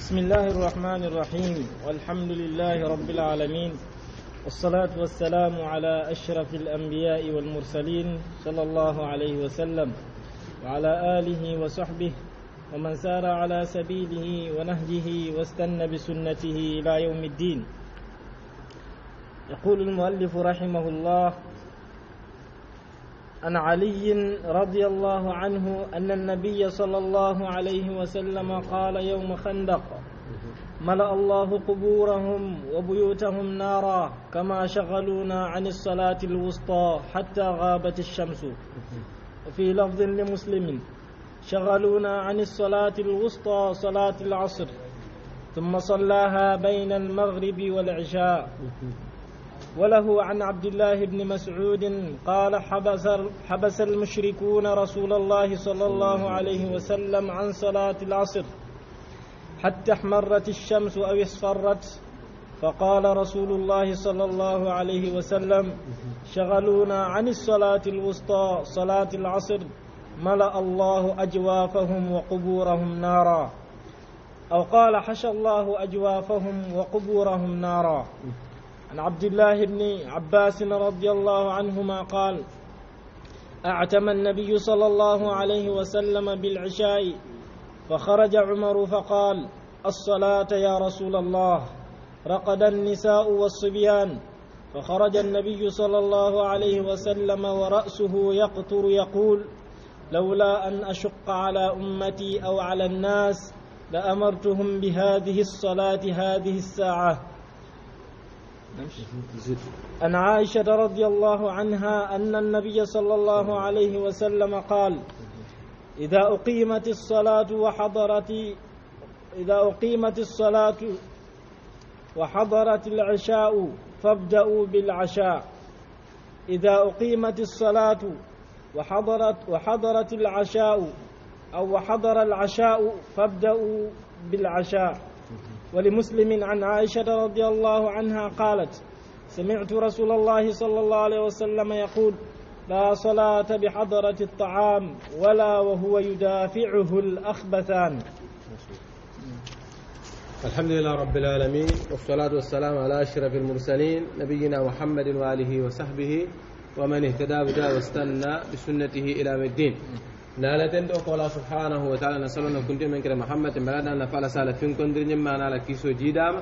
بسم الله الرحمن الرحيم والحمد لله رب العالمين والصلاة والسلام على أشرف الأنبياء والمرسلين صلى الله عليه وسلم وعلى آله وصحبه ومن سار على سبيله ونهجه واستنى بسنته إلى يوم الدين يقول المؤلف رحمه الله عن علي رضي الله عنه أن النبي صلى الله عليه وسلم قال يوم خندق ملأ الله قبورهم وبيوتهم نارا كما شغلونا عن الصلاة الوسطى حتى غابت الشمس وفي لفظ لمسلم شغلونا عن الصلاة الوسطى صلاة العصر ثم صلاها بين المغرب والعشاء وله عن عبد الله بن مسعود قال حبس, حبس المشركون رسول الله صلى الله عليه وسلم عن صلاة العصر حتى احمرت الشمس أو اصفرت فقال رسول الله صلى الله عليه وسلم شغلونا عن الصلاة الوسطى صلاة العصر ملأ الله أجوافهم وقبورهم نارا أو قال حشى الله أجوافهم وقبورهم نارا عن عبد الله بن عباس رضي الله عنهما قال اعتم النبي صلى الله عليه وسلم بالعشاء فخرج عمر فقال الصلاة يا رسول الله رقد النساء والصبيان فخرج النبي صلى الله عليه وسلم ورأسه يقطر يقول لولا أن أشق على أمتي أو على الناس لأمرتهم بهذه الصلاة هذه الساعة عن عائشة رضي الله عنها أن النبي صلى الله عليه وسلم قال إذا أقيمت الصلاة وحضرت إذا أقيمت الصلاة وحضرت العشاء فابدأوا بالعشاء إذا أقيمت الصلاة وحضرت وحضرت العشاء أو وحضر العشاء فابدأوا بالعشاء ولمسلم عن عائشة رضي الله عنها قالت سمعت رسول الله صلى الله عليه وسلم يقول لا صلاة بحضرة الطعام ولا وهو يدافعه الأخبثان الحمد لله رب العالمين والصلاة والسلام على أشرف المرسلين نبينا محمد وآله وصحبه ومن اهتدى بدا واستنى بسنته إلى الدين نالا تندو قولا سبحانه وتعالى نسألنا كنت من كده محمد مرادا نفعل سالة فين كندر نما نالا كيسو جيدام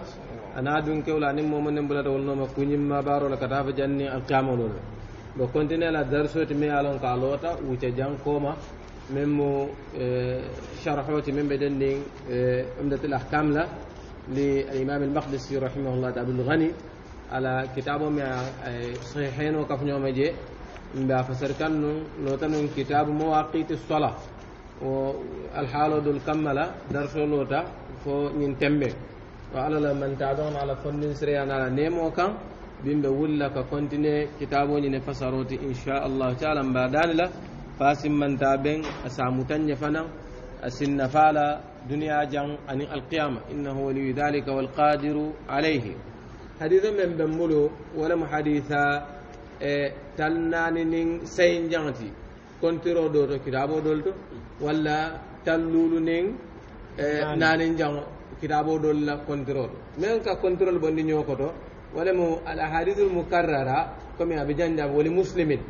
أنا دون كولا نمو من نمبلا دولنا كوني ما بارو لكتاب جاني القيامة لو دو كنت نالا درسو تمي الون كالوتا وتجان كوما ممو آه، شرحوت من بدن أمدة آه، الأحكام لا للإمام المقدسي رحمه الله تعالى الغني على كتابه مع آه، صحيحين وكفنيوم جي مبا فسركن لوتن كتاب مواقيت الصلاة والحالة دول كملا درس لوتا فو ننتمي وعلى من تعدون على فن سريان على نيمو كان بيمبا ولا كونتيني كتابو ني فسروتي ان شاء الله تعالى مبادال لا فاسم من تابين اسامتن فنا اسن فالا دنيا جان ان القيامه انه ولي ذلك والقادر عليه حديثا من بمولو ولم حديثا e tan nani nin sey jangti contiro ɗo to kitaɓoɗol to walla tan lulu nin e nani jango kitaɓoɗol la contirol min ka contirol bonɗi ñokoto wala mo al ahadisul mucarrara comme aɓe jandiaɓe woli muslimin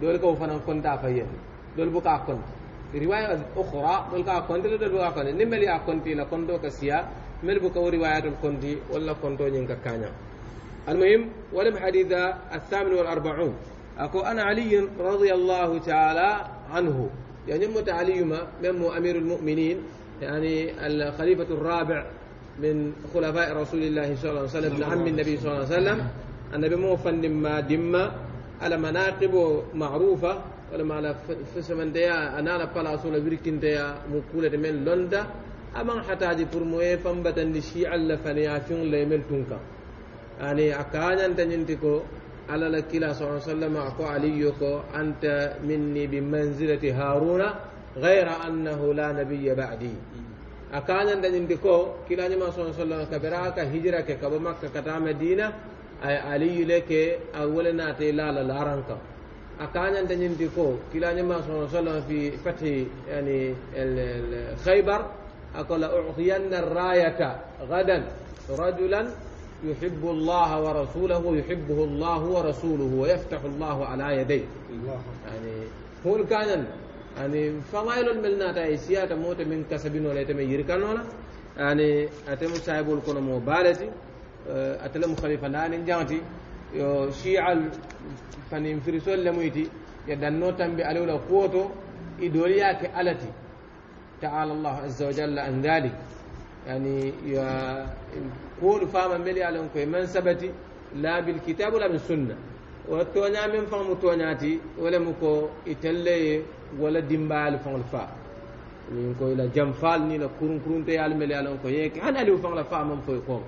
ɗol kao fana fonta fayyen ɗol boka konta riwaya ohra ɗol ka konte le ɗol boka konte ni mbel ya konti la konto ka siya mbel boka o riwayatol konti walla konto ñin ka kaña المهم ولم حديث الثامن والأربعون أقول أنا علي رضي الله تعالى عنه يعني مت علي ما ممو أمير المؤمنين يعني الخليفة الرابع من خلفاء رسول الله صلى الله عليه وسلم ابن عم النبي صلى الله عليه وسلم النبي موفن ما دم على مناقب معروفة ولما على فسمن ديا أنا على أصول بريكن ديا مقولة من لندا أما حتى جي فرموه فنبتن لشيع اللفن يافين ليمل تونكا ani a kañanta ñinti ko ala la kila sa sallam a ko aliyu ko anta minni bi manzilati haruna gayra annahu la nabiyya badi a kañanta ñinti ko kilañima sa sallam kabira ka hijra ke kabo makka kata madina ay aliyu leke ke te la la laranka laran kam a kañanta ñinti ko kilañima sa sallam fi fathi yani khaybar akola uciyanna rayata gadan رجلا يحب الله ورسوله يحبه الله ورسوله ويفتح الله على يديه يعني هو كان يعني فضائل الملنات أي سياتة موت من كسبين ولا يتم يركان ولا يعني أتم سايبو الكون مو بالتي آه، أتلم خليفة لا نجاتي يو shial فنين firisol le muyti ye danno tambi alawla kuwoto i dooliyake alati taala allahu azza wa jalla an يعني يا قول فاما ملي على انكوي من ثبت لا بالكتاب ولا بالسنه وتونا من فهم توناتي ولا مكو يتلي ولا ديمبال فهم الفا من كو الى جنفال ني لا كرون كرون تي على ملي على انكوي يك انا لو فهم الفا من فوي قوم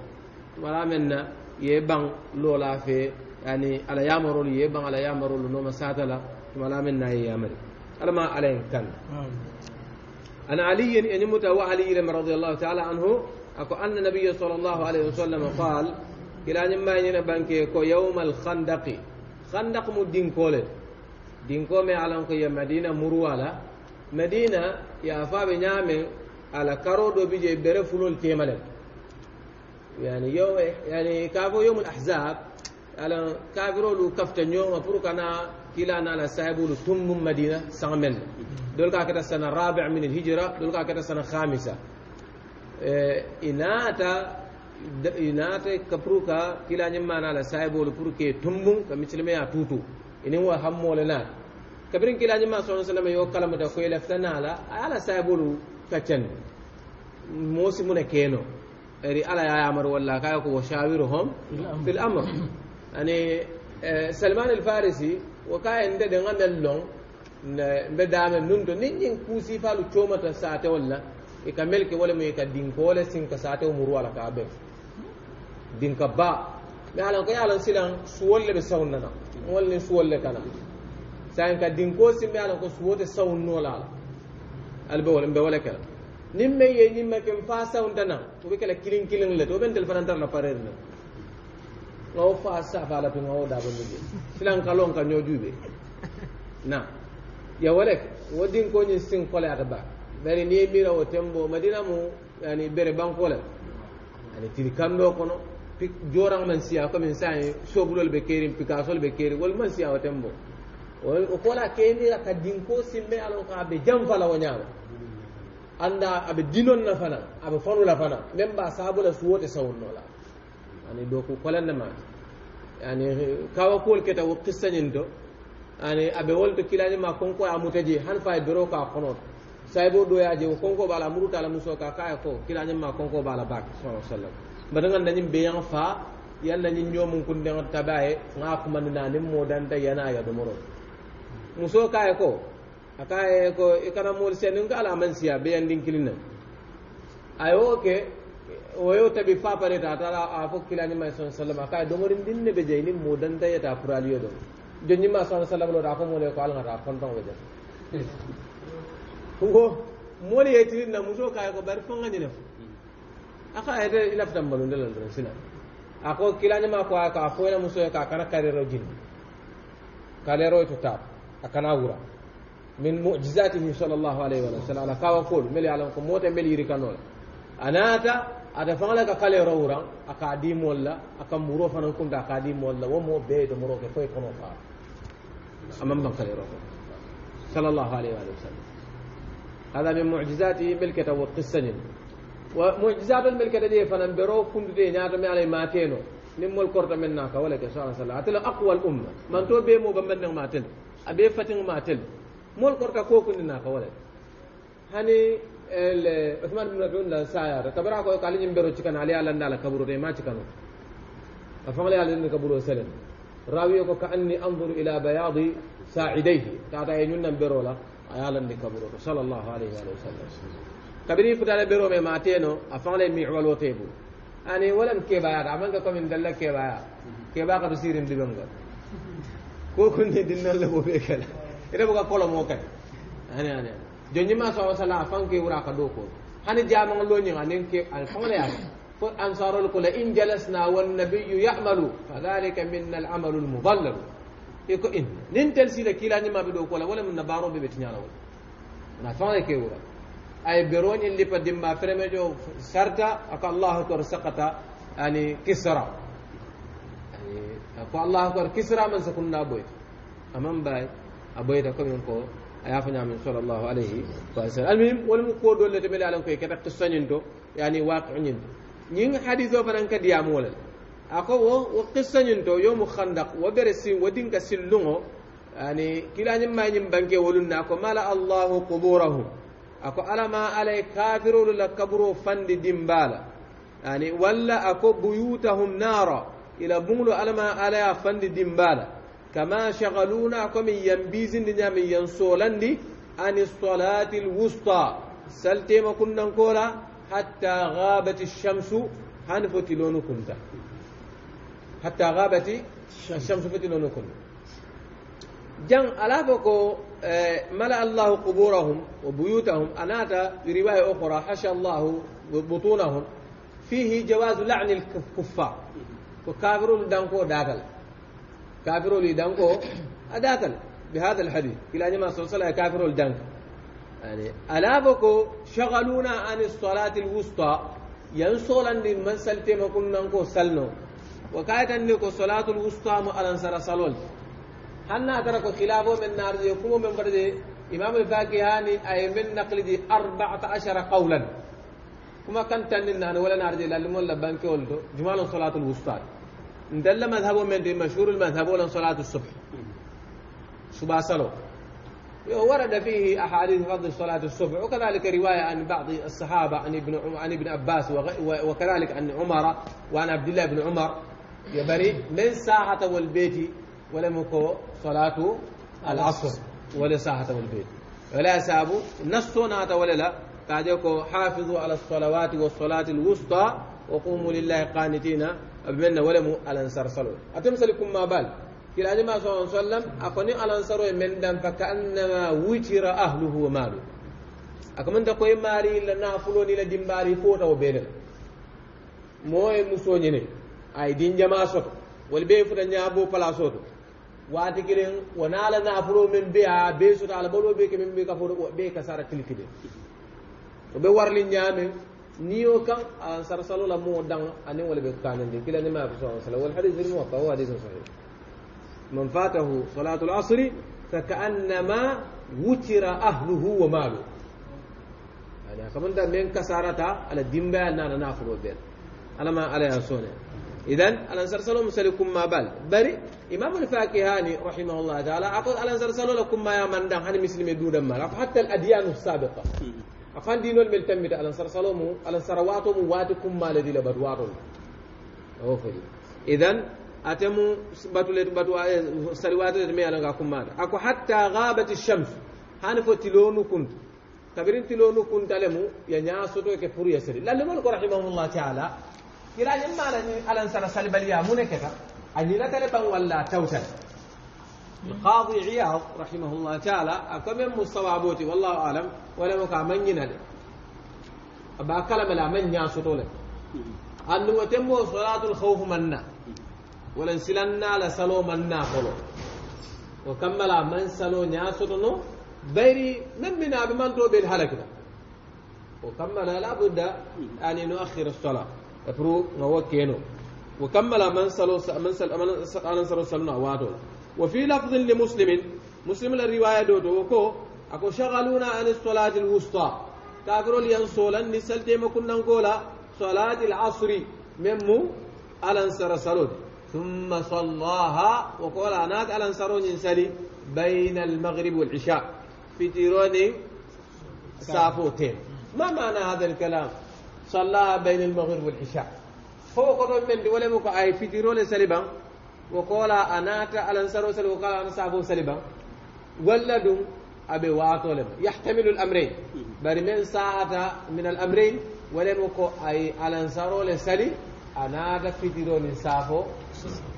ولا منا يبان لولا في يعني على يامر يبان على يامر لو ما ساتلا ولا منا يامر على ما عليه كان عن علي أن يعني يموت وعلي لما رضي الله تعالى عنه أكو أن النبي صلى الله عليه وسلم قال إلى أن ما بانكي كو يوم الخندق خندق مو دين كولت دين كومي على أنكو يا مدينة مروالا مدينة يا فابي نعمل على كارو دو بيجي برفلو التيمالن يعني يوم يعني كافو يوم الأحزاب على كافرو لو كفتنيو يوم فروكنا كلا نالا سايبول تم مدينة سامن دول كاكتا سنة رابع من الهجرة دول كاكتا سنة خامسة إناتا inata kapruka kila nyimma na la saibol purke tumbun ka mislime ya tutu inin wa hammole na kabirin kila nyimma sallallahu alaihi wasallam yo kalama da ko ilaftana la ala saibol kacen mosi mun keno ri ala ya amar walla kaya ko washawiruhum fil amr yani salman al farisi وكاين دا دنا لون ندام نوند نين كوسي فالو تشومتا ساته ولا يكمل كي ولا ميكا دين كولا سين كساته ومرو على كاب دين كبا ما على كي على سيلان سوول لي بسون نا مول لي سوول لي كانا ساين كا دين كو سي ميالا كو سووت سون نولا البو ولا مبه ولا كلا نيم مي ني مكم فاسا وندنا وبكلا كلين كلين لتو بنت الفرنتر لا بارير o fa safa la tuma o dabo ni silan kalon ka nyoju be na ya walek wadin ko nyin sin kole ata ba bari ni mira o tembo ma madina mu yani bere banko la ani tiri kando kono jorang man siya ko min sai sobulol be kerim pikasol be keri wol man siya o tembo o kola kemira ka dinko simme alon ka be jamfala o nyaama anda abe dinon na fana abe fanula fana même memba sabula suwote sawunnola ani doku kolandemaati ani kawakuwol keta wo kissañin to ani aɓe wolto kilanima konko a mutaji han faye doro ka kono to saybo ɗoyaji wo konko ɓaala muruta ala muso ka kaya ko kilanima konko ɓaala baake saaa sallam mbata gandañin ɓeyan fa yandañin ñoomum kunden tabaye ga kumandinanin modanta yana yadomoro muso kaye ko a kaye ko i e kana mool senin ka ala aman siya ɓeyandin kilinan ayo ke okay. woyo tabi ta tara a fo e din ne sallam je ni dinne ɓe ta mo dantayeta pouraliyo ɗon jonñima sa sallam lota fo mole ko algata fonton ɓe jan ko moli na muso kaye ko bari fongañine fo aka ede ilaftan balundelal ɗon sina ako ma ko aka ka na muso ka kana ro jin ro to e taap akana wura min mujisatihi sall llahu alayhi wa sallam ala kawa koolu mbele alan ko mota mele yiri kanola anata ada fangala ka kale rawura aka di molla aka muro fana ko da ka di molla wo mo be de muro ke foy ko fa amam ban kale rawra sallallahu alaihi wa sallam هذا من معجزاته ملكة والقسن ومعجزات الملكة دي فنان برو كنت دي نعلم علي ماتينو نمو الكرة منك ولا كشاء صلى الله عليه أقوى الأمة من تو بيمو بمن ماتل أبي فتن ماتل مو الكرة كوكو نناك ولا hani el Uthman ibn Affan la sayar kabara ko kali nyim bero cikan ali ala ndala kaburu de ma cikano afan ala ala kaburu selen rawi ko ka anni anzuru ila bayadi sa'idayhi tata e nyun bero la ayala ndi kaburu sallallahu alaihi wa sallam kabiri futale bero me mateno afan le mi walo tebu ani walam kebaya amanga ko min dalla kebaya keba ka sirim dibanga ko kunni dinnal le bo be kala ida buka kolomo kan ani ani jonjima sa wasala fanke wura ka do ko hani jama lo nyi ngane ke al fole ya fo ansarul kula in jalasna wan nabiyyu ya'malu fadhalika minna al amalu al mudallal iko in nin tel sila kila ni ma be do ko la wala min nabaro be betinya la wala na fole ke wura ay beroni lipa dimma fremejo sarta aka allah akbar saqata yani kisra yani ko allah akbar kisra man sakunna boy amam bay aboyta ko min ko aya fo ñamin sallllahu alayhi wa sallam almuhim wolmu ko dolle to ɓele alan koye keta to sañinto yani waqi ñinto ñing hadise o fanan kadiyamu wolal ako wo wo qissañinto yomu handak wo bere si wo dinka silluŋo yani kilañim mañim banke wolunna ko mala allahu quburahu ako alama alay kafirolu la kaburu fandi dimbala yani walla ako buyutahum nara ila bunglu alama alaya fandi dimbala كما شغلونا كم ينبيزن دنيا من ينصولن دي عن الصلاة الوسطى سلتي ما كنا نقول حتى غابت الشمس هنفتي لونكم حتى غابت الشمس فتي لونكم جن على فكو آه، ملأ الله قبورهم وبيوتهم أناتا في رواية أخرى حشى الله بطونهم فيه جواز لعن الكفار وكافرون دانكو داغل كافر لي دانكو أداة بهذا الحديث إلى أن ما صلى الله عليه كافرو يعني ألا بكو شغلونا عن الصلاة الوسطى ينصولا لمن سلتمكم منكو سلنو وكايتا نيكو صلاة الوسطى مؤلن سر صلول حنا تركو خلافه من نار يقوم من برد إمام الفاكهاني أي من نقل دي أربعة عشر قولا كما كان تنين ولا نار دي للمون لبانكي ولدو جمال صلاة الوسطى ندل مذهب من دي مشهور المذهب ولا صلاة الصبح صباح صلو ورد فيه أحاديث فضل صلاة الصبح وكذلك رواية عن بعض الصحابة عن ابن عن ابن عباس وكذلك عن عمر وعن عبد الله بن عمر يبري لن ساعة والبيت ولم يكو صلاة العصر ولا ساعة والبيت ولا سابو نص ولا لا يكو حافظوا على الصلوات والصلاة الوسطى وقوموا لله قانتين أبمنا ولم على أنصار صلوا أتمسلكم ما بال كلا جماعة صلى الله عليه وسلم أقني على أنصار من دم فكأنما وتر أهله وماله أكمن تقوي ماري لنا فلوني لجمباري فوتا وبيننا موي مسونيني أي دين جماعة صلوا والبيع فتا نيابو فلا صلوا waati kiliŋ wo naa la naafuloo meŋ be a bee soto a la baloo bee ke meŋ be ka fo be ka sara tilikide o be warli ñaameŋ نيو كان أنصار صلى الله مو دعوة أني ولا بكان عندي كلا نما أبو صلى الله عليه وسلم الحديث الموقع هو حديث صحيح من فاته صلاة العصر فكأنما وتر أهله وماله يعني كمان ده من كسارتا على دمبا أن أنا نافلو دين أنا ما عليه أنسونه إذن الأنصار صلى الله عليه ما بال بري إمام الفاكهاني رحمه الله تعالى أقول الأنصار صلى الله عليه وسلم ما يمن دعه مسلم دون ما حتى الأديان السابقة afan dinol mel tammita alan sara salomu alan sara wato mu wati kummale dila batu wato o fayi idan atemu batule batu sari wato de me alan ga kummata ako hatta ghabat ash-shams han fo tilonu kunt tabirin tilonu kunt alemu ya nya soto ke puru yasiri lalle mon ko rahimahullah ta'ala kira nyimma alan sara salbaliya muneketa anyina tale ban walla tawtal القاضي عياض رحمه الله تعالى أكمل من بوتي والله أعلم ولا مكا من ينال أبا كلام لا من ياسطول أن وتم صلاة الخوف منا ولنسلنا سلنا لسلو منا خلو وكمل من سلو ياسطنو بيري من منا بمن تو بالهلكنا وكمل لا بد أن نؤخر الصلاة أفرو نوكينو وكمل من سلو من سلو من سلو سلنا واتو وفي لفظ لمسلم مسلم الرواية وكو أكو شغلونا عن الصلاة الوسطى كاكرو ليان صولا نسل تيما كنا نقولا صلاة العصر ممو ألانسر سرود ثم صلاها وقول أنات ألانسر ينسلي بين المغرب والعشاء في تيروني سافوتين ما معنى هذا الكلام صلاها بين المغرب والعشاء فوق قرر من مكو أي في تيروني سلبا وقال أنا تألنصر وسل وقال أنا سأبو سلبا ولدوا أبي واتولم يحتمل الأمرين بل من ساعة من الأمرين ولم يكن أي ألنصر لسلي أنا تفتيرون سافو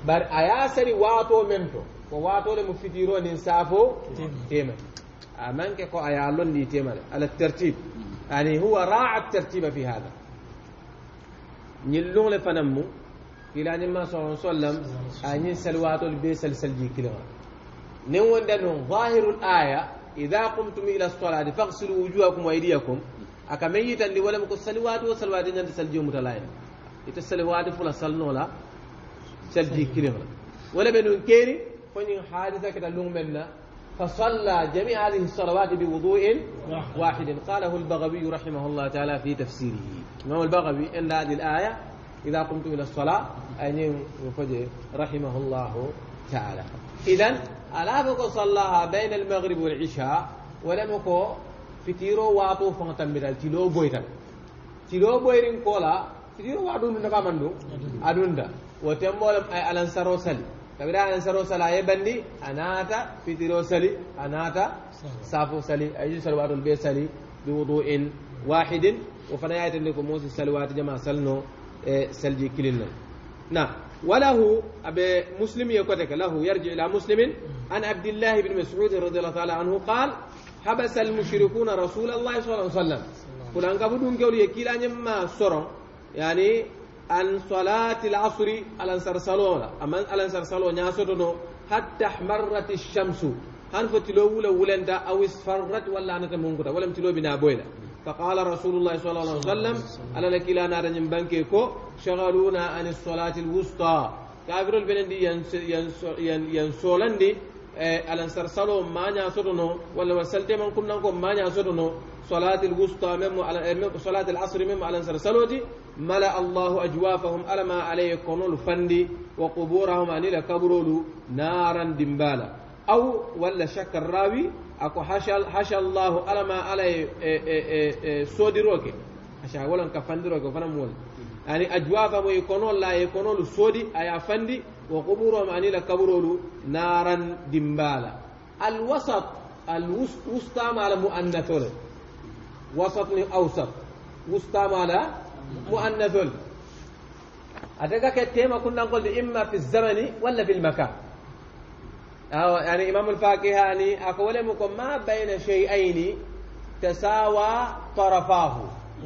بل أيا سلي واتو ممتو وواتولم فتيرون سافو تيما أمانك كو أيا لون دي تيما على الترتيب يعني هو راع الترتيب في هذا نيلون لفنمو إلى أن ما صلى الله عليه وسلم أن يسلوات البيسل سلجي كلمة نوان دانو ظاهر الآية إذا قمتم إلى الصلاة فاغسلوا وجوهكم وأيديكم أكميتا لولم كسلوات وسلوات إن سلجي متلاين إذا سلوات فلا سلنولا سلجي كلمة ولم ينون كيري فنين حادثة كتا لومنا فصلى جميع هذه الصلوات بوضوء واحد قاله البغوي رحمه الله تعالى في تفسيره ما هو البغوي إلا هذه الآية إذا قمت إلى الصلاة أن الفجر رحمه الله تعالى إذا ألا فكو صلاها بين المغرب والعشاء ولم يكو فتيرو واتو فانتم بدل تلو بويتا تلو بويرين كولا فتيرو واتو من نكا مندو أدوندا وتمولم أي ألان سرو سلي كبيرا ألان سرو سلا يبندي أناتا فتيرو سلي أناتا سافو سلي أي سلوات البيت سلي بوضوء واحد وفنا يأتي لكم موسى سلوات جماعة سلنو إيه، سلجي كلنا نعم وله أبي مسلم يكتك له يرجع إلى مسلم عن عبد الله بن مسعود رضي الله تعالى عنه قال حبس المشركون رسول الله صلى الله عليه وسلم قل أنك بدون قول يكيل أن يما سر يعني عن صلاة العصر على أنصر صلونا أما على أنصر صلونا يسرنا حتى احمرت الشمس هل فتلو ولا ولندا أو اصفرت ولا أنت منقطع ولم تلو بنا بويلا فقال رسول الله صلى الله عليه وسلم الا لك الى نار من بنكيكو شغلونا عن الصلاه الوسطى كافر البلندي ين ين ين على سرسلو ما نعصرنو ولا وسلت من كم نقوم ما نعصرنو صلاة الوسطى مم على إيه، صلاة العصر مم على سرسلو دي ملا الله اجوافهم على ما عليه كونو الفندي وقبورهم ان لكبرولو نارا دمبالا أو ولا شك الراوي أكو حاشا حاشا الله على ما على إيه- إيه- إيه- سودي روكي حاشا ولا كفندي روكي فانا مول يعني أجوافا مو يكونون لا يكونون سودي أي أفندي وقبورهم أني لكبرولو نارا دمبالا الوسط الوسط وسطام على مؤنثول وسط أوسط وسطام على مؤنثول أتذكر تيما كنا نقول إما في الزمن ولا في المكان أو يعني إمام الفاكهاني يعني أقول لكم ما بين شيئين تساوى طرفاه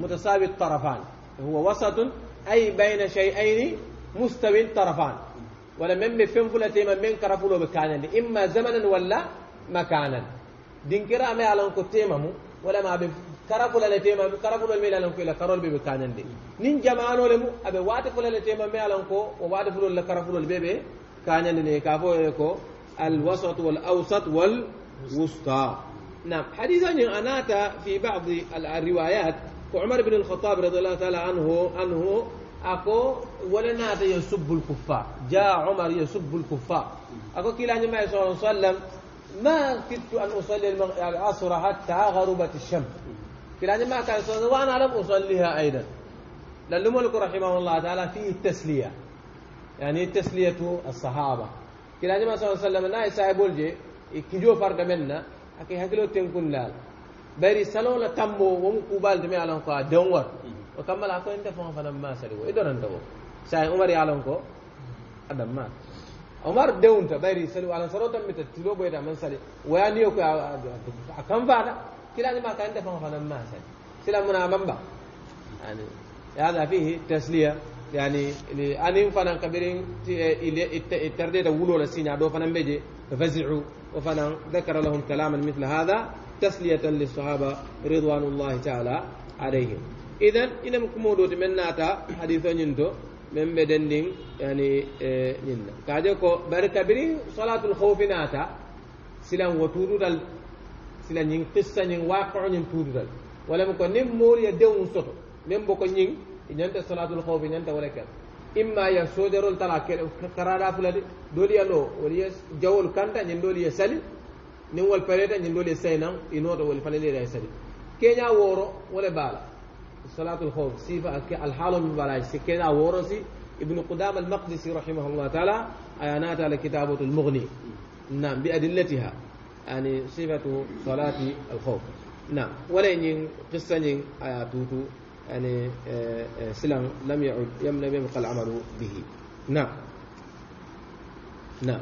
متساوي الطرفان هو وسط أي بين شيئين مستوي الطرفان ولم يمي يفهم فلتي من بين كرفولو بكانا إما زمنا ولا مكانا دينكرا ما يعلن كتيمم ولا ما بين كرفولا لتيمم كرفولا ميلا لنكو إلى كرول بكانا دي نين جمعانو لهم أبي واتفولا لتيمم ما يعلم كو وواتفولا لكرفولا البيبي كانا دي كافو يكو الوسط والأوسط والوسطى نعم حديثا أناتا في بعض الروايات عمر بن الخطاب رضي الله تعالى عنه أنه أكو ولا يسب الكفار جاء عمر يسب الكفار أكو كلا ما صلى الله عليه وسلم ما كدت أن أصلي يعني العصر حتى غربت الشمس كلا ما كان صلى وأنا لم أصليها أيضا للملك رحمه الله تعالى فيه التسلية يعني تسلية الصحابة كلا جماعة صلى الله عليه وسلم ناي سايبول جي كيجو فرد مننا أكيد هكلو تنقلنا بيري سلو لتمو وهم كوبال دمي على قا دوار وكمل أكو أنت فهم فنا ما سلو إيدو رندو ساي عمر يعلم كو هذا ما عمر دونت بيري سلو على سلو تم تتلو بيدا من سلي ويانيو كا كم فانا كلا جماعة أنت فهم فنا ما سلو سلامنا بمبا يعني هذا فيه تسليه يعني أني فانا كبرين إيه، إلى إتردي تقولوا لسينا دو فانا بيجي فزعوا وفانا ذكر لهم كلاما مثل هذا تسلية للصحابة رضوان الله تعالى عليهم إذن إن مكمودو تمناتا حديثا ينتو من بدنين يعني إيه، ننا كاجوكو بركبرين صلاة الخوف ناتا سلام وطورو دل سلام ينقصة ينواقع ينطورو دل ولم يكن نمور يدون سطو نمبو كن ينقصة ñanta salatul khawf ñanta wala ken imma ya soderol tala ke karada fulade doli yalo wali ya jawol kanta ñen doli ya sali ni wal pareta ñen doli sayna inoto wal fanele da sali kenya woro wala bala salatul khawf sifa ke al halu min bala si kenya woro si ابن قدام المقدسي رحمه الله تعالى أيانات على كتابة المغني نعم بأدلتها يعني صفة صلاة الخوف نعم ولين قصة آياتوتو يعني آه، آه، سلم لم يعد لم يبقى العمل به نعم نعم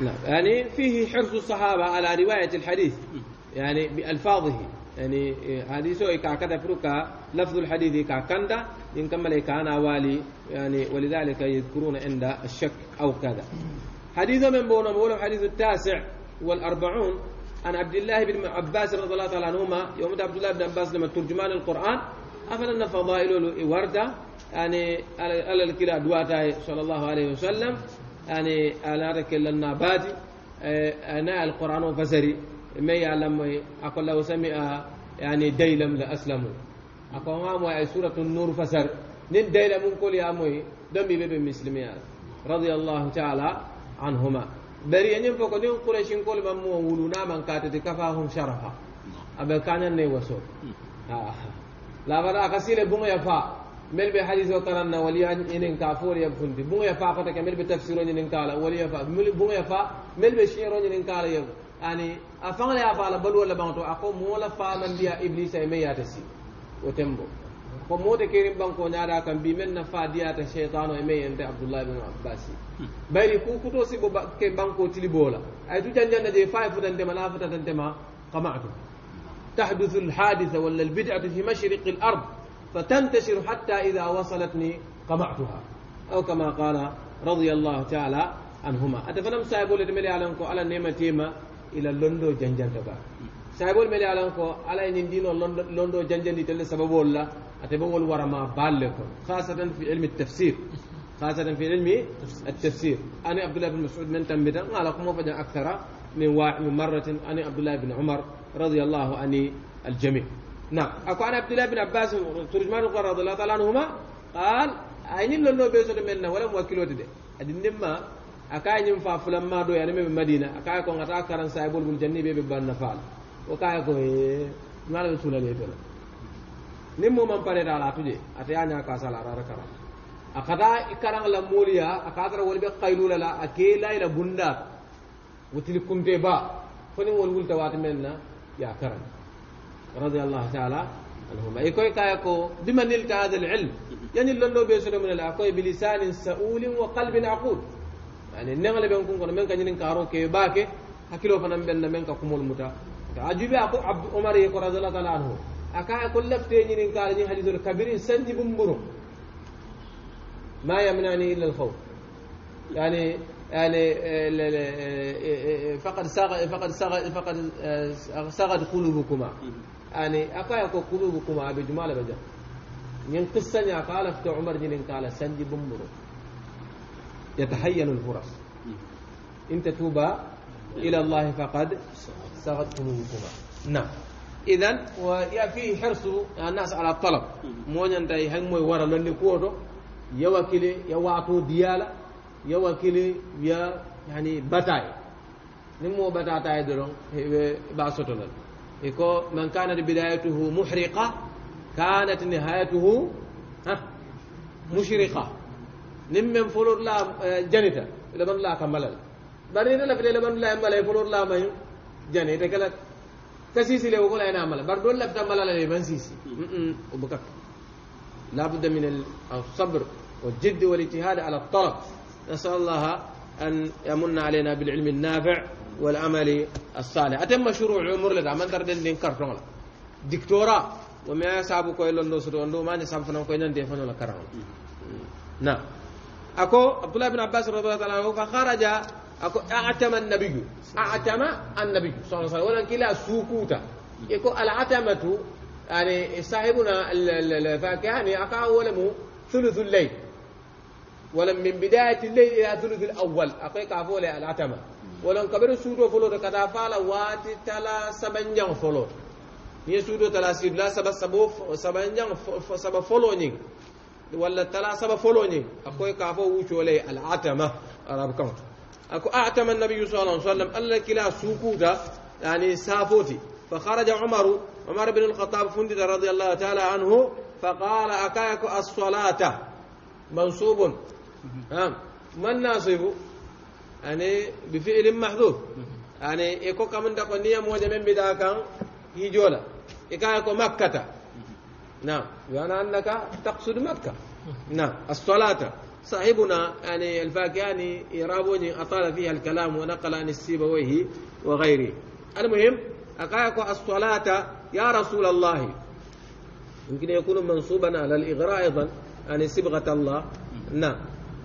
نعم يعني فيه حرص الصحابة على رواية الحديث يعني بألفاظه يعني حديثه آه، كعكذا فروكا لفظ الحديث كعكندا ينكمل كأنا والي يعني ولذلك يذكرون عند الشك أو كذا حديث من بونا بونا الحديث التاسع والأربعون عن عبد الله بن عباس رضي الله تعالى عنهما يوم عبد الله بن عباس لما ترجمان القرآن ان فضائل الوردة يعني على الكلا صلى الله عليه وسلم يعني على ركل النبات آه، أنا القرآن فزري ما يعلم أقول له سمع يعني ديلم لاسلم اقوم ما سورة النور فسر نين ديلم كل يا موي دمي بمسلمين رضي الله تعالى عنهما bari eñin fo ko nin quraisin na man mo wulu naman katati kafahum sharafa aɓe kañan ne waso hmm. ah. labata aka sile buŋoya fa mel ɓe hadis o karanna waliya ñinin ka fo waliya funti buŋoya fa kota ke mel ɓe tafsiro ñinin kala waliya fa buŋoya fa mel shiro chiero ñinin kala yau. ani a faŋle a fa la baluwo labaŋto a ko fa moola biya iblisa e me yata si o tembo ko mode kerin banko ñaada kam mbi men na faadiyata cheytano e men yente abdoullah ibne abbasi bayri ku kuto sibo ke banko tilibola ay tu janjanda je fa e futantema la futatantema qamatu تحدث الحادثة ولا البدعة في مشرق الأرض فتنتشر حتى إذا وصلتني قمعتها أو كما قال رضي الله تعالى عنهما أتفنم سايبول تملي على أنكو على نيمة تيما إلى لندو جنجل تبا sahibol mele alan ko ala e nin ndino londo janjandi telle sababol la ateɓogol warama balle ko hasatan fi ilmi tafsir hasatan fi ilmi altafsir ani abdoullah bine masud men tambi tan ala ko mofajan actara min waimi marratin ani abdoullah bine omar radiallahu ani aljami nam ako ani abdoullah bine abbas tourjman ko radiallahu taala anhuma qal aynin lonno ɓe soto men na wala mo wakkilote de adi ndemma akaye ñim fa fulanma ɗo yani meɓe madina akaye ko gata karan sahibol bul janni ɓe ɓe banna faala o ka ko ye na le cuulale tela niŋ mu mo pareta ala dala tuje ate ye ka sala kaasa kara a kata i la moolu ya a ka tara la a ke bunda wutili kumte ba ko ni wolu wulta wat menna na kara a karaŋ taala anhuma i koy kaya ko dimanil nilta hadal ilm yani londo ɓe soto mune la a koye bilisanin saulin wa qalbin aqul yani neŋo le ɓen kun kono meŋ ka ñiniŋ kaaro ke ba ke hakilo fanam benna men ka kumul muta تعجب عبد عمر يقول رضي الله تعالى عنه أكا كل فتين إن قال لي حديث الكبير سنج بمبرو ما يمنعني إلا الخوف يعني يعني فقد سغ فقد سغ فقد آه، سغت قلوبكما يعني أكا يقول قلوبكما بجمال بجا من قصة قال فت عمر جن قال سنج بمبرو يتحين الفرص انت توبا إلى الله فقد سغت قلوبكما نعم إذن فيه حرص الناس على الطلب موجن تاي هنمو ورا لندي كوتو يوكلي واتو ديالا يوكلي يا يعني بتاي نمو بتاتاي درون سوتو يكو من كانت بدايته محرقة كانت نهايته ها مشرقة نمم فلور لا آه، جنتا لمن لا كملل barniina lafte laban la mala folor la mayu jane te kala ka sisi le ko la ina mala bar don lafta mala la ban sisi o buka la budda min al sabr wal jidd wal ijtihad ala al talab nasal allah an yamunna alaina bil ilmi al nafi' wal amali al salih atem mashru' umur la man dar den din karton la dictora o me sabu koy londo soto ndo mani sam fanan koy nan de fanan la karam na ako abdullah ibn abbas radhiyallahu anhu fa kharaja أعتم النبي أعتم النبي صلى الله عليه وسلم ولكن sukuta سكوتا al العتمة يعني صاحبنا الفاكهة أقع ولم ثلث الليل ولم من بداية الليل إلى ثلث الأول أقيك أقول العتمة ولم كبر سودو فلو ركتا فالا وات تلا سبنجان فلو ني سودو تلا سيد لا سبا سبو سبنجان سبا فلو ني ولا تلا سبا فلو ني أقيق عفو العتمة أرابكم أكو أعتم النبي صلى الله عليه وسلم ألا كلا سوكوتا يعني سافوتي فخرج عمر عمر بن الخطاب فندد رضي الله تعالى عنه فقال أكاك الصلاة منصوب من نعم. ناصب يعني بفعل محذوف يعني إكو كمن تقول نية موجة من بداك هجولة إكاك مكة نعم يعني أنك تقصد مكة نعم الصلاة صاحبنا يعني الفاكهاني يرابوني أطال فيها الكلام ونقل عن السيبويه وغيره المهم أقاك الصلاة يا رسول الله يمكن يكون منصوبا على الإغراء أيضا عن يعني صبغة الله نعم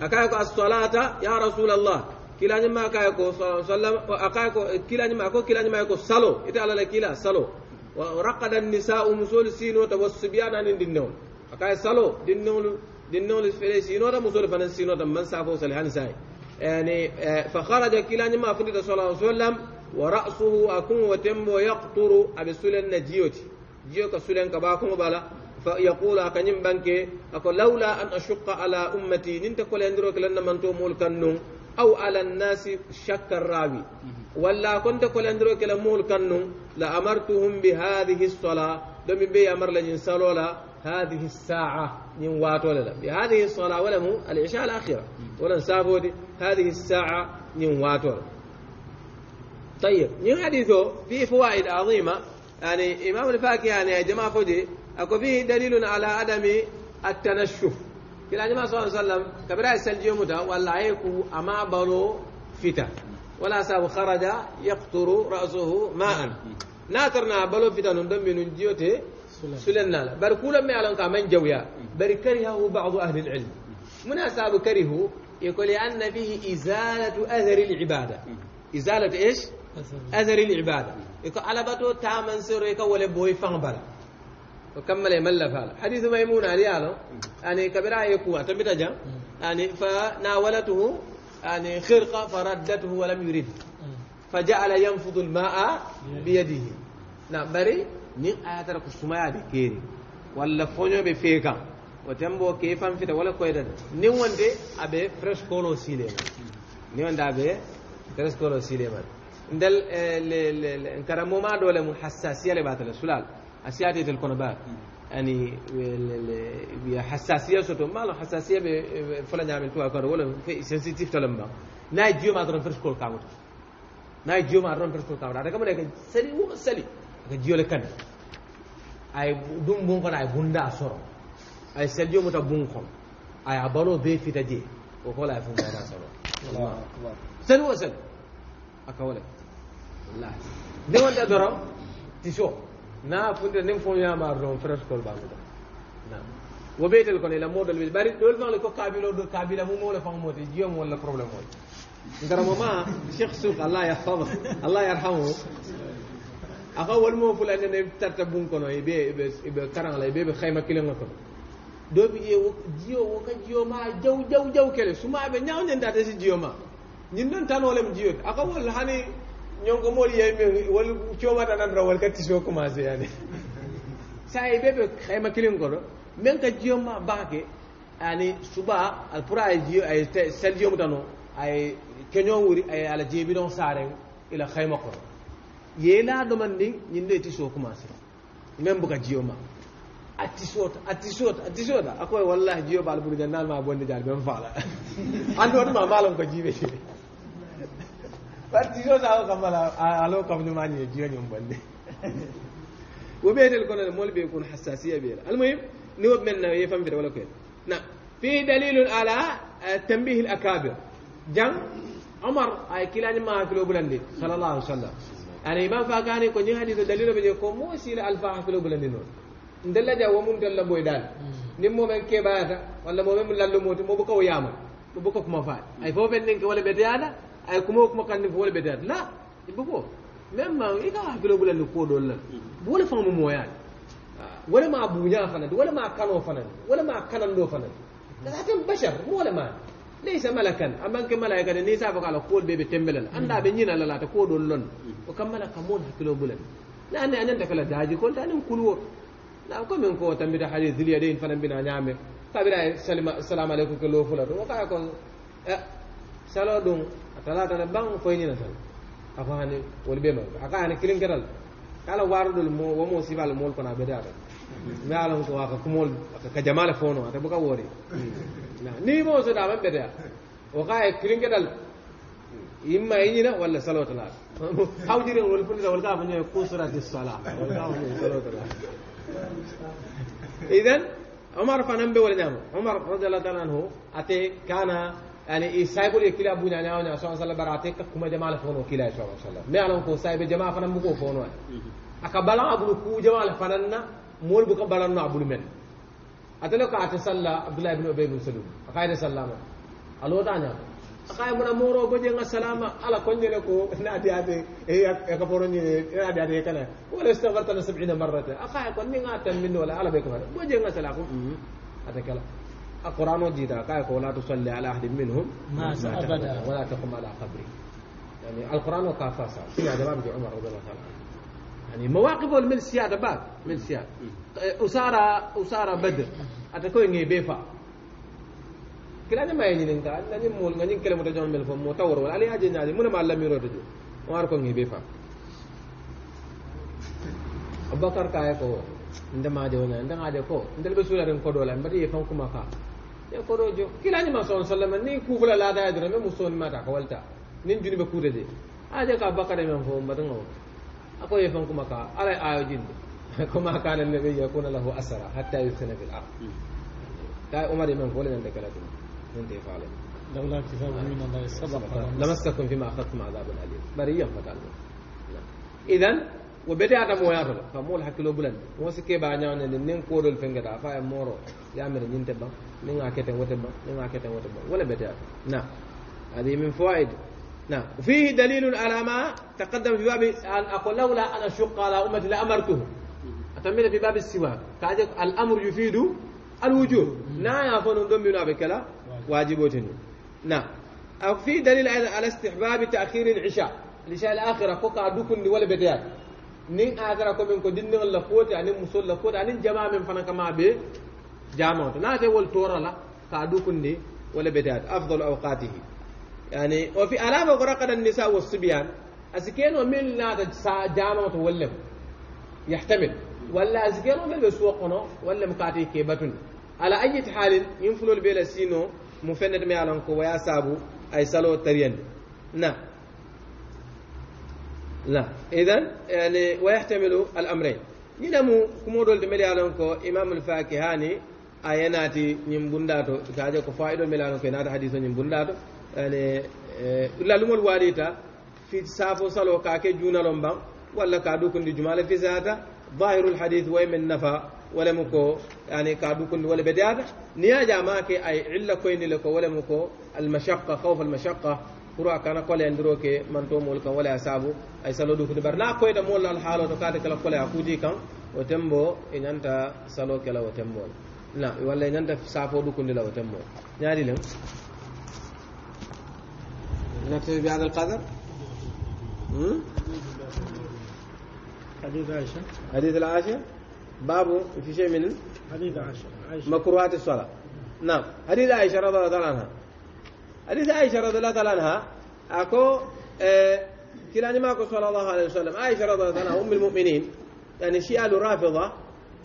أقاك الصلاة يا رسول الله كلا نما أقاك صلى الله عليه وسلم وأقاك كلا نما أقاك كلا نما أقاك صلو إتعال لكلا صلو ورقد النساء مسول سينو والصبيان عن النوم أقاك صلو دنول دينول سينو دا مسول سينو دا من سافو سلحان ساي يعني آه، فخرج كلا ما فندي صلى الله عليه وسلم ورأسه أكون وتم يقطر أبي سولن نجيوتي جيوك سولن كباكم بالا فيقول أكنيم بانكي أقول لولا أن أشق على أمتي ننت كل يندروك لنا من تو تومول كنون أو على الناس شك الراوي ولا كنت كل يندروك لمول كنون لأمرتهم بهذه الصلاة دمي بي أمر لجنسالولا هذه الساعة من وات ولا بهذه الصلاة ولا مو العشاء الأخيرة ولا سابودي هذه الساعة من وات ولا طيب من حديثه فيه فوائد عظيمة يعني إمام الفاكهة يعني يا جماعة فودي أكو فيه دليل على عدم التنشف كلا جماعة صلى الله عليه وسلم كبراء السلجي متى ولا يكو أما برو فتا ولا ساب خرج يقطر رأسه ماء ناترنا بلو فتا ندم من جيوته سلنا بل كل ما يعلن كمان جويا بل كرهه بعض أهل العلم مناسب كرهه يقول لأن فيه إزالة أثر العبادة إزالة إيش؟ أثر العبادة يقول على بتو تامن سر يقول بوي فان بلا وكمل يمل فعل حديث ميمون عليه أنا يعني كبراء يكون تمت جا يعني فناولته يعني خرقة فردته ولم يرد فجعل ينفض الماء بيده نعم بري نين آتارا كسمايا دكيري ولا فونيو بفيكا وتمبو كيفان فيتا ولا كويدا نين وان أبي فرش كولو سيليما نين وان أبي فرش كولو سيليما ندل الكرامو ما دولة من حساسية لباتل سلال أسياتي تلكونا بار أني يعني حساسية صوتهم ما له حساسية بفلان يعمل كوا كارو ولا في سنسيتيف تلمبا ناي جيو ما ترون فرش كول كامو ناي جيو ما ترون فرش كول كامو هذا كمان يعني سلي سلي aka jiyole kadi ay ɗum bun kono ay bunda soro ay seljo muta bun kono ay a balo be fita je o kola ay fungana soro sen wo sen aka wole wallahi nde wonde dorom tiso na funde nden fo ñamar ɗon frescol bamuda nam wo ɓeytel kono ila moɗol wel ɓari ɗol fanle ko kabila o ɗo kabila mum ole fan moti jiyom walla probléme oy ngaramo ma cheikh souk allah yahfama allah yarhamu أقول مو فلان أنا ترتبون كنا يبي يبي يبي كارن الله يبي بخيمة كلهم كنا دو بي يو جيو وكا جيو ما جو جو جو كله سما أبي نعو نندات إيش جيو ما نندن تانو لهم جيو أقول هني نيونكو مولي يبي ول شو ما تنان رول كتشو كم هذا يعني ساي يبي بخيمة كلهم كنا من كجيو ما باكي يعني سبا البرا جيو أي سل جيو متانو أي كنيو وري أي على جيبي دون سارين إلى خيمة كنا yela domandi ñinde tiso commencé même buka jiyo ma a tisota a tisota a tisota a koye wallahi jiyo baala ɓuri jannal ma bonde jaal ɓen faala andootuma maalon ko jiiɓe jiɓe par tisota o kam ala alo kam ñumañie jiyo ñum bonde wo ɓeytel kono mol ɓe kon hassasiya ɓeera almuhim ni woɓe men naye famfita wala koyen na fi dalilun ala tambihi l acabir jang omar ay kilañima hakkilo ɓulandi sallallahu alih w sallam ana imam fa kane ko ñin hadise dalilo ɓe je ko mo siila alfaha filo bulandi noon ndella dia womum tella boy dal nin momen keɓayata walla momen mo lallumoti mo boka o yama mo boka kuma faat ay fo fen ninke wala ɓeteyaɗa ay kuma kuma kandi fo wala ɓeteyata la boko même ma i ka hakkilo bulandi koɗol lan wala fangmo moyani wala ma buña fanandi wala ma kano fanandi wala ma kananɗo fanandi kasaten bachar mo wala mani laysa malakan ke malaika de ni safa kala kool ɓe ɓe tembelela annda ɓe la lalata ko ɗon lon o kam malaka moon hakkilo bulen na anne anenta kala daaji kolta anen kulwo na commin ko tambita haali zilia de in fanan mbina ñaame kaɓira salamu aleykum ke loofula to o kaya ko salo ɗum a talatana ban foynina tan ako hani wol ɓe ma aka hani kilinketal kala waruɗol mo womo sifal mool kono a ɓedata mbe alamuto waka kumol ka jamala fono a ata buka wore ni mo so da bambe da o ka e kringe dal imma e yini na wala salatu la haw dire wol fuli da wol ka fanyo ko sura di sala wol ka wol salatu la umar fa nambe wol nyamo umar radiyallahu ta'ala anhu ate kana yani e saibul ekila bu nyanya wa nyaso an sala barate ka kuma jamala fono kila e sallallahu alaihi wasallam me alam ko saibe jama fa nambe ko fono mhm. ka balan abu ku jamala na. مول بك بلان نو ابو مل اتلو كا تسلا عبد الله بن ابي بن سلول اخاي سلاما الو دانا اخاي مونا مورو بوجي نا سلاما على كونجل كو نادي ادي اي يا كفروني نادي ادي كان ولا استغفرت 70 مره اخاي كون مي غاتن منو ولا على بك بوجي نا سلاما اتكلا القران وجيدا كاي كو تصلي على احد منهم ما ابدا ولا تقم على قبري يعني القران وكافاسا في عمر رضي الله عنه يعني مواقفه من السياده بعد من السياده أسارة أسارة بدر حتى أتكون ني بيفا كلا ما يجي نتا نجي مول غني كلام جون رجعون مو تاور ولا علي اجي نادي من ما علم يرو رجع ما أركون نجي بيفا ابو بكر كاي كو عند ما جو ولا ما جو كو عند البسولة كو دولا بدي يفهم كما كا يا كروجو كلا ني ما سون ني كو فلا لا دا مو مسون ما تا تقولتا نجي جنب كورجي أجا بكر كريم فهم بدن دنو أقول يفهم كما قال على آية جد كما قال النبي يكون له أسرة حتى يثنى في الأرض لا عمر من قول أن ذكرتنا انتهي فعلا لولا كتاب من الله سبق لمسكم فيما أخذتم عذاب أليم بريا فقال إذا وبدي هذا مو ياخذ فمول حكي له بلند مو سكي با نياو نين نين كورل فنغدا مورو يا مر نين تبا نين اكيتن وتبا نين اكيتن وتبا ولا بدي نعم هذه من فوائد نعم وفيه دليل على ما تقدم في باب أن أقول لولا أن أشق على أمتي لأمرته أتمنى في باب السواك تعجب الأمر يفيد الوجوب لا يفون دم ينافي كلا واجبوتني نعم أو في دليل على استحباب تأخير العشاء العشاء الآخرة فوق دوكن ولا بديات نين أذركم من كدين ولا قوت يعني مسول لقوت يعني جماعة من فنك كما به جامعة لا تقول تورا لا كادوكن ولا بديات أفضل أوقاته يعني وفي آلاف غرق النساء والصبيان أسكينو من لا جامعة ولم يحتمل ولا أسكينو من بسوقنا ولا مقاتل كيبتون على أي حال ينفلو البيل السينو مفند ميالانكو ويا سابو أي سلو تريان نعم لا إذن يعني ويحتمل الأمرين ينمو كمودول دميالانكو إمام الفاكهاني ayanati ñim bundato kaje ko fayidol melano ke nata ane eh, lalumol waɗita fi safo salo ka ke junalon ban walla ka dukundi jumala fisata ظاهر الحديث ومن نفى ولا مكو يعني كادو كن ولا بدادة نياجا ماك أي إلا كوين لك ولا مكو المشقة خوف المشقة كرا كان قال يندروك من توم ولك ولا أسابو أي سلو دو كدبر نا كوين مول الحال وتكاد كلا كلا أكودي كان وتمبو إن أنت سلو كلا وتمبو لا ولا إن أنت سافو دو كن لا وتمبو نادي لهم نكتفي بهذا القدر حديث عائشة حديث العائشة باب في شيء من حديث عائشة مكروهات الصلاة نعم حديث عائشة رضي الله عنها حديث عائشة رضي الله عنها أكو أه كلا ماكو صلى الله عليه وسلم عائشة رضي الله عنها أم المؤمنين يعني الشيعة رافضة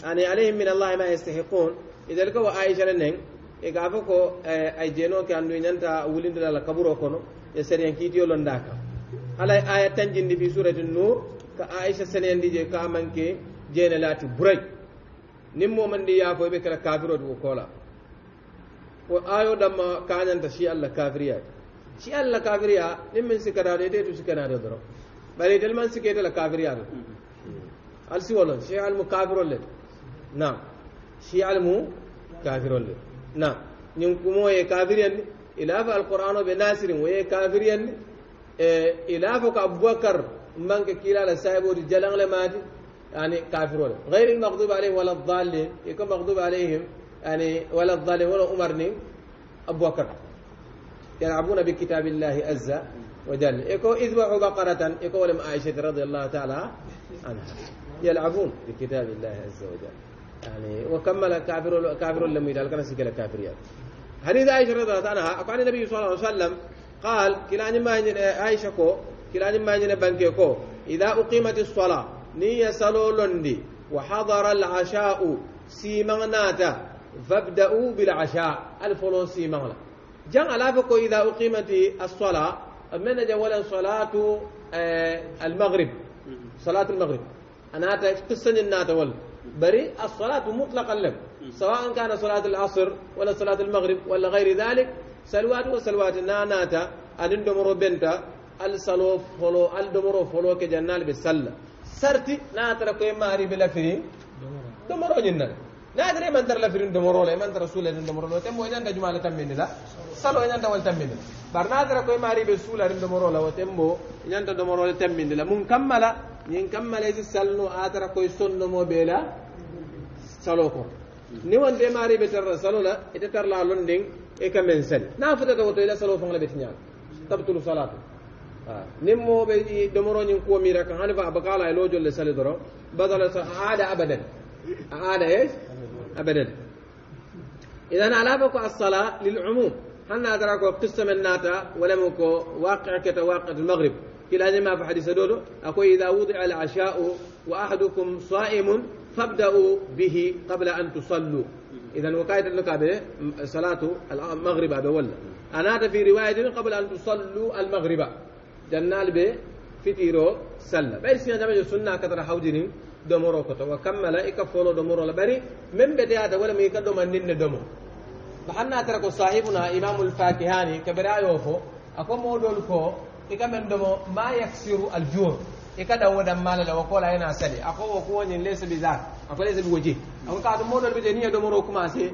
يعني عليهم من الله ما يستحقون إذا لكو عائشة لنهم إيقافكو آه، أي جينو كان ينتا ولين دلالة كبرو كونو e sérien kiitiyolon nda kam alay aya tanjindi fi surati nour ko aicha seneyandi je ka manque jeene laati buray nin momandi yafoy ɓe kala kafiroti ko koola ko ayo ɗamma kañanta si allah kafiriya si allah kafiriya nin min sikkataɗo ete tu sikkanade doro ɓari tel man sikketela kafiriyaɗo al siwolon si almu kafirolle nam si almu kafirolle nam ñin kumoye kafiriyandi إلاف القرآن بناصر وهي كافرين يعني، إيه، إلاف أبو بكر من كيلا لسائب ورجلان لماتي يعني كافرون غير المغضوب عليهم ولا الضالين يكون مغضوب عليهم يعني ولا الضالين ولا أمرني أبو بكر يلعبون بكتاب الله عز وجل يكون إذبحوا بقرة يكون لم عائشة رضي الله تعالى عنها يلعبون بكتاب الله عز وجل يعني وكمل كافر كافر لم يدعك نسيك الكافريات حديث عائشة رضي الله عنها أكو النبي صلى الله عليه وسلم قال كلان ما عائشة كو كلان ما بنكي كو إذا أقيمت الصلاة نية سلولندي وحضر العشاء سيمغناتا فابدأوا بالعشاء الفلون سيمغنا جان على فكو إذا أقيمت الصلاة من جولا صلاة آه، المغرب صلاة المغرب أنا قصة الناتول بريء الصلاة مطلقا لك سواء كان صلاة العصر ولا صلاة المغرب ولا غير ذلك سلوات وسلوات ناناتا أن بنتا السلو فلو الدمرو فلو كجنال بسلة سرتي ناترا كوي ماري بلا فري دمرو جنال نادر من ترى لفرين دمرو لا من ترى سولة الله دمرو لا تمو إنان جمالة تمين لا سلو إنان تول تمين بار نادر كوي ماري بسول دمرو لا وتمو إنان تدمرو لا تمين لا مكملة نين كم ماليزي سالنو آترا كوي سنو مو بيلا سالو كو نيوان دي ماري بيتر سالو لا اتتر لا لندن اكا من سن نافتة دوتو إلا سالو فنغل بيتنيان تبتلو صلاة آه. نين مو بي دمرو نين كو ميرا كهاني فا بقالا يلو جل سالي درو بدل سا عادة أبدا عادة إيش أبدا إذا أنا لا بكو الصلاة للعموم أنا أدرك قصة من ناتا ولم واقع كتواقع المغرب كلا ما في حديث دولو أقول إذا وضع العشاء وأحدكم صائم فابدأوا به قبل أن تصلوا إذا وقاية لك صلاة المغرب هذا ولا أنا في رواية قبل أن تصلوا المغرب جنال به فتيرو سلا بس نجمع السنة كتر حوجين دمروا كتر وكمل فولو دمروا لبري من بدأ هذا ولا ميكدو من نين hanna tara ko sahibuna imamu lfakihani keɓeɗa yo fo ako moɗol ko ika men ɗomo ma yaksiru aljur ika ɗan woɗan mala la wokola yana sali ako wo kuwoñin leysa bizar ako leysa bi woji ako kaatu moɗol ɓe je ni e ɗomoro commencé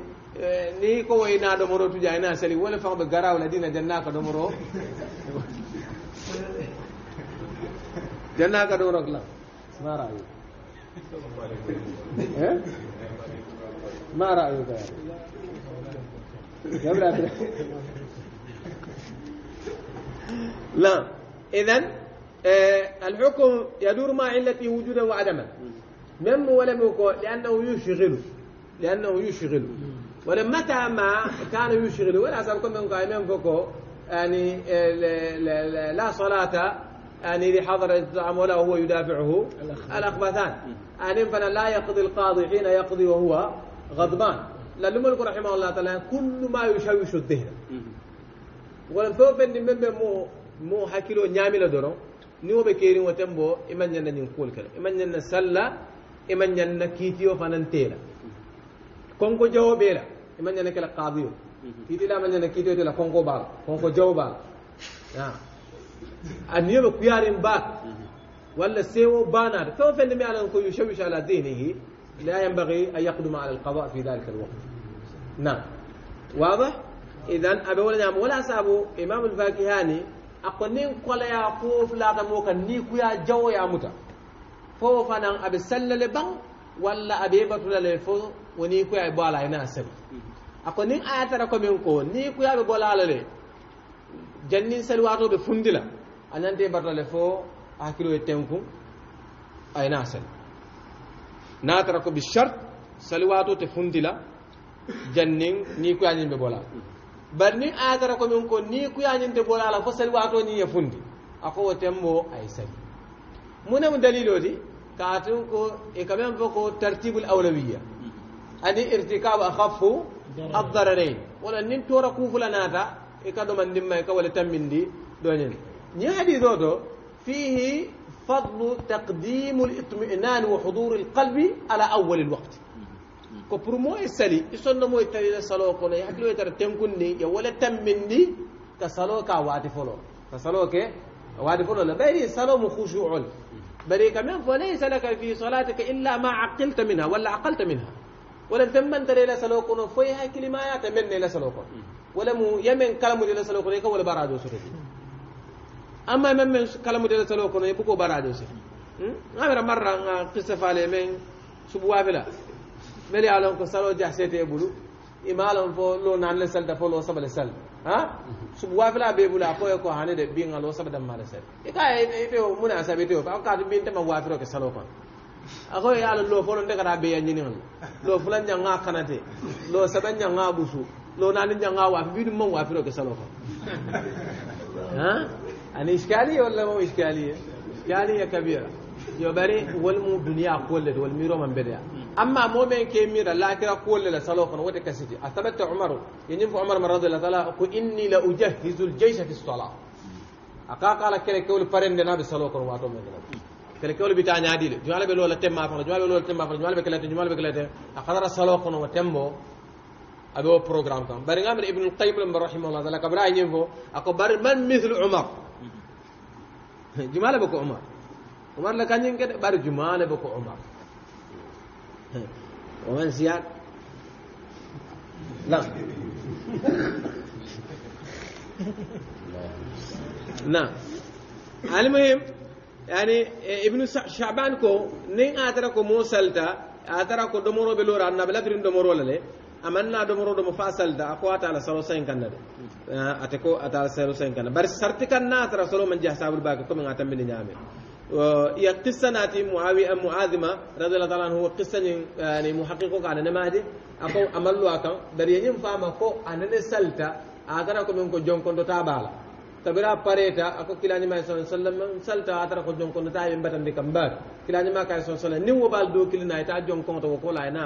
ni ko woyna ɗomoro tuja yana sali wole fan ɓe garaw la dina jannaka ɗomoro jannaka ɗomoro kla ma rayu ما رأيك يعني؟ لا إذا آه، الحكم يدور مع علته وجودا وعدما مم ولم يكن لأنه يشغل لأنه يشغل ولمتى ما كان يشغل ولا سألكم من قائمين فوقه يعني آه، لا صلاة يعني لحضرة الزعم ولا هو يدافعه الأخبثان يعني فلا لا يقضي القاضي حين يقضي وهو غضبان للملك رحمه الله تعالى كل ما يشوش الذهن ولا ثوب ان من مو مو حكيلو نيامي له دورو نيو بكيرين وتمبو امان نن نين كول كلا امان نن سلا امان نن كيتيو فنان تيلا كونكو جاو بيلا امان نن كلا قاضيو كيتي لا امان نن كيتيو تلا كونكو بال كونكو جاو بال ان يوم كيارين با ولا سيو بانار ثوب ان مي على كو يشوش على ذهنه لا ينبغي أن يقدم على القضاء في ذلك الوقت نعم واضح إذا أبي ولا نعم ولا سابو إمام الفاكهاني أقول نين قل يا قوف لا تموك نيكو يا جو يا متى فو فانا أبي سل لبن ولا أبي بطل لفو ونيكو يا بالا يناسب أقول نين آيات ركو منكو نيكو يا بولا للي جنين سلواتو بفندلا أنا أنت بطل لفو أحكي له يتنكو أي ناسب ناتر كو بشرط سلواتو تفندلا جنين نيكو يعني ببولا برني آتر كو منكو نيكو يعني ببولا لفو سلواتو ني يفندي أقو تمو أي سلي من دليل ودي كاتون كو إكمان بكو ترتيب الأولوية أني ارتكاب أخف الضررين ولا نين تورا كوفو لناتا إكادو من دمائكا ولا تم من دي دونين نيه حديثو دو فيه فضل تقديم الاطمئنان وحضور القلب على اول الوقت كو بور مو سالي يسون مو تري لا سالو كون يا كلو تر تمكن ني يا ولا تمني تا سالو كا واتي فولو تا سالو كي لا بيري خشوع بري كما فليس لك في صلاتك الا ما عقلت منها ولا عقلت منها ولا تمن تري لا سالو كون فوي هاي كلمه يا تمني لا سالو ولا يمن كلامو لا سالو كون ولا برادو سوتي amma men men kalamudela talo kono e bugo barajo se hmm? awera marra a kissa faale men subu wafila mbele alon ko salo jah seete e ɓolu ima alon fo lo nanle salda fo lo sabale sal ha subu wafila ɓe ɓula fo e ko hanede ɓinga lo saba dammale sal e ka ɓeo e, e muna saɓe teo fa kaatu min tema wafiro ke salo kon akoye alon lo fono ndegata ɓe yañinion lo fula ñanga kanate lo saɓa ñanga ɓusu lo nane ñanga wafi ɓiɗum mon wafiro ke salo kon أنا إشكالية ولا مو إشكالية إشكالية كبيرة يبري والمو دنيا كولد والميرو من بدأ أما مؤمن كميرا لا كرا كل لا سلوفا ولا كسيتي أثبت عمر ينف عمر من رضي الله تعالى إني لأجهز الجيش في الصلاة أقا قال كلا كول فرن دنا بسلوفا واتو من كلا كول بتاع عادل جوال بلو لا تم فن جوال بلو لا تم فن جوال بكلا جوال بكلا أخذ سلوفا وتمو أبو بروجرام كان عمر ابن القيم رحمه الله تعالى كبر أكو أكبر من مثل عمر جمالة بكو عمر عمر لك kañum كده بار جمالة بكو عمر ومن siyat لا نعم المهم يعني ابن شعبان كو نين آتراكو موسلتا آتراكو دمورو بلور ان ترين دمورو للي amanna domoro domo fa salda ako atala salo 50 de ah, ate ko atala salo 50 bari sarti kan na tara salo man jah sabul baka ko min atambini nyame يا قصة ناتي معاوية معاذمة رضي الله تعالى عنه هو قصة يعني محقق كان نماذج أكو أمل واقع دري يوم فما كو أنا نسلتا أكنا كو منكو جون كنتو تابالا تبرا باريتا أكو كلاني ما يسون سلم سلتا أترا كو جون كنتو تايم بتن دي كمبار كلاني ما كاي سون سلم نيو بالدو كلنا يتا جون كنتو وكولا هنا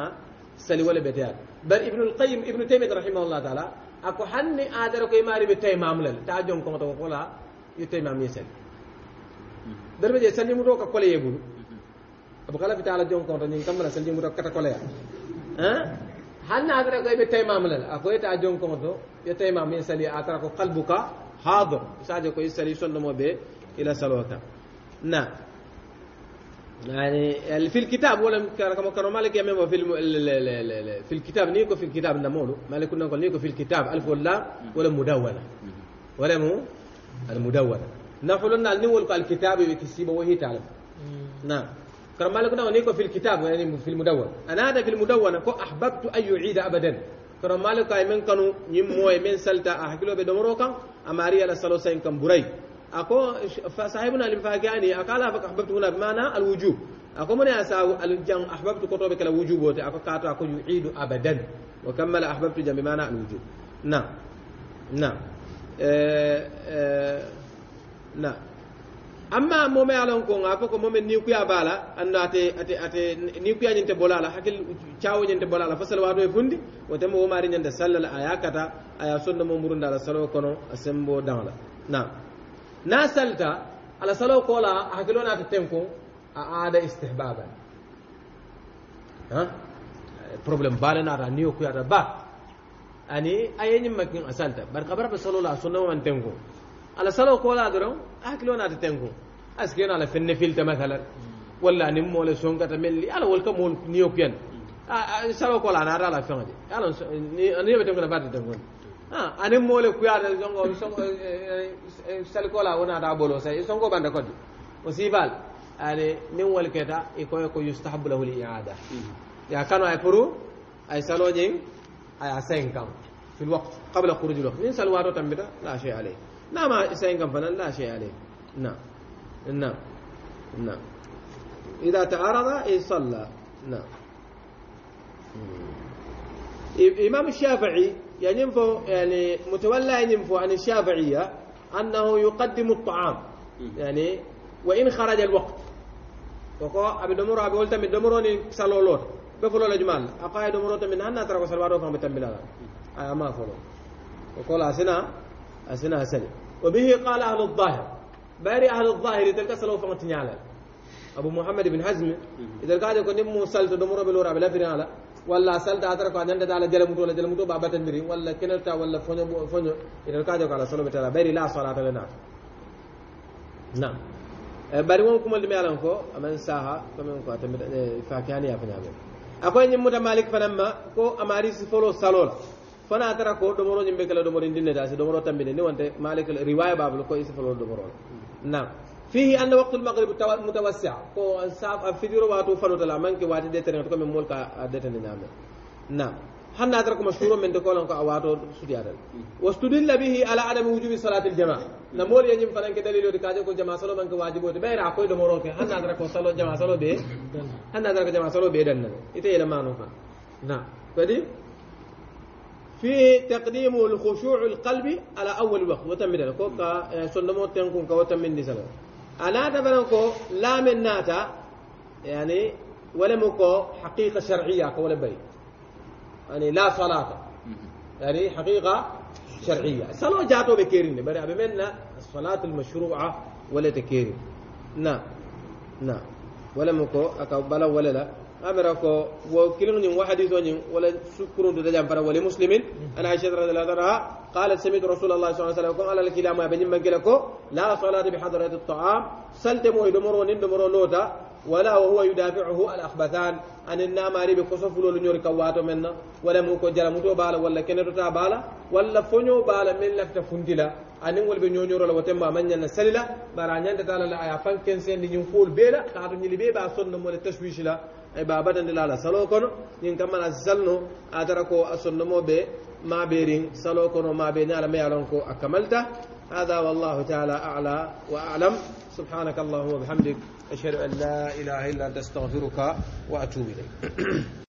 سلي ولا بدار بل ابن القيم ابن تيمية رحمه الله تعالى أكو حني آدر كي ماري بتاي ماملا تاجم كم تقولا يتاي مامي سل درب جاي سلي مرو كقولة يبون أبو خلا في تعالى جم كم تاني كم رأس سلي مرو كتر قولة ها حني آدر كي بتاي ماملا أكو يتاجم كم تو يتاي مامي سلي آدر كو قلبك حاضر ساجو كي سلي سلمو به إلى سلوكه نعم يعني, اللي يعني في الكتاب ولا كما كانوا مالك يا ميمو في الم... في الكتاب نيكو في الكتاب نمولو مالك كنا نقول نيكو في الكتاب الف ولا ولا مدونه ولا مو المدونه نحن لنا نقول الكتاب بكسيبه وهي تعلم نعم كما مالك كنا نيكو في الكتاب يعني في المدونه انا هذا في المدونه كو احببت ان يعيد ابدا كما مالك كاي من كانوا نيم موي من سلتا احكلو بدمرو كان اماري على سلوسين كان بري أكو فصاحبنا الفاقاني أقال أحببته لا بمعنى الوجوب أكو من يساو الجن أحببت كتبك الوجوب أكو كاتو أكو يعيد أبدا وكمل أحببت جن بمعنى الوجوب نعم نعم أه أه نعم amma momen alon ko nga foko momen ni kuya bala anna ate ate ate ni kuya nyinte bolala hakil chawo nyinte bolala fasal wato e fundi wotem wo mari nyande sallal aya kata aya sonno mo murunda la salo kono sembo dawla na ناس سلتا على سلو قولا هكلونا تتمكم عادة استحبابا ها problem بالنا على نيو كيا ربا أني أيني ما كن أسلتا بركبر بسلو لا سنو من تمكم على سلو قولا درم هكلونا تتمكم أسكين على فن فيلت مثلا ولا نمو ولا سونكا تملي على ولكم نيو كيان سلو قولا نارا لا فهمت على نيو بتمكم بعد تمكم ani mole kuya kuyata songo songo wona da bolo say songo banda kodde o sibal ani ni wol keta e ko ko yustahabu lahu liada ya kanu ay pour ay saloñin aya cinq ans في الوقت قبل خروج الوقت ننسى الوارد تنبدا لا شيء عليه لا ما سينقم فنان لا شيء عليه نعم نعم نعم إذا تعارض صلى نعم إمام الشافعي يعني يعني متولى ينفو عن الشافعية أنه يقدم الطعام يعني وإن خرج الوقت وكو أبي دمرو أبي قلت من دمرو نسالولور بفلو الأجمال أقايا دمرو تمن هنا ترى وسلوارو فهم تنبلا أي ما فلو وقول أسنا أسنا أسني وبه قال أهل الظاهر باري أهل الظاهر تلك سلو فهم تنيالا أبو محمد بن حزم إذا قاعد يكون نمو سلت دمرو بلور أبي لا فريالا wala salta atara ko nyande dala ala jalamuto la jalamuto ba batandiri wala kenelta wala fonyo fonyo enen kajo ko ala soloɓe tala ɓayri la salata le na nam bari won kumol ɗumi alan ko aman saha to men ko tambi fakihaniya fo akoy nyim muta malik fananma ko amari si folo salol fana atara ko do ɗomoro ñimɓe kala do moro ɗomorin dinneta si moro tambine ni wonte malik riwaya babul ko isi folo do moro na فيه أن وقت المغرب متوسع كو ساف الفجر واتو فلوت لا منك واتي ديترين تو كم مولكا ديتن نعم نعم هل نادرك مشهور من دكولن كو اواتو سوديادل واستدل به على عدم وجوب صلاة الجماعة نمول يجم فلان كدليل دكاجو كو جماعة صلو منك واجبوت بير اكو دمورك حنا أدرك صلو جماعة صلو بي حنا أدرك جماعة صلو بي دلنا ايتي لما نوفا نعم فدي في تقديم الخشوع القلبي على اول وقت وتم كوكا كو آه، سنمو تنكون كو تم دي أنا دبنكو لا من ناتا يعني ولا مكو حقيقة شرعية ولا بيت يعني لا صلاة يعني حقيقة شرعية الصلاة جاتو بكيرين بري بمنا الصلاة المشروعة ولا تكيرين نعم نعم ولا مكو أكو بلا ولا لا أمر كو وكلن وحديث ونين ولا شكر دجان برا ولي مسلمين أنا عائشة رضي الله عنها قالت سمعت رسول الله صلى الله عليه وسلم قال الكلام لا ما بني من لا صلاة بحضرة الطعام سلتمو يدمر ونندمر نوتا ولا وهو يدافعه الأخبثان أن النام ريب كسف لول نور كواتو منا ولا موكو جرمتو بالا ولا كنتو تابالا ولا فنو بالا من لفت فندلا أن نقول بنيو نور لو تم من ينا سللا برا نين لأيافان كنسين دي نفول بلا كاتو نيلي بي با سن تشويش لا e babatandi lala salo kono ñin kamman asi salno atara ko a sondomoɓe maɓerin salo kono maɓe ni ala meyalon ko a kamalta هذا والله تعالى أعلى وأعلم سبحانك اللهم وبحمدك أشهد أن لا إله إلا أنت أستغفرك وأتوب إليك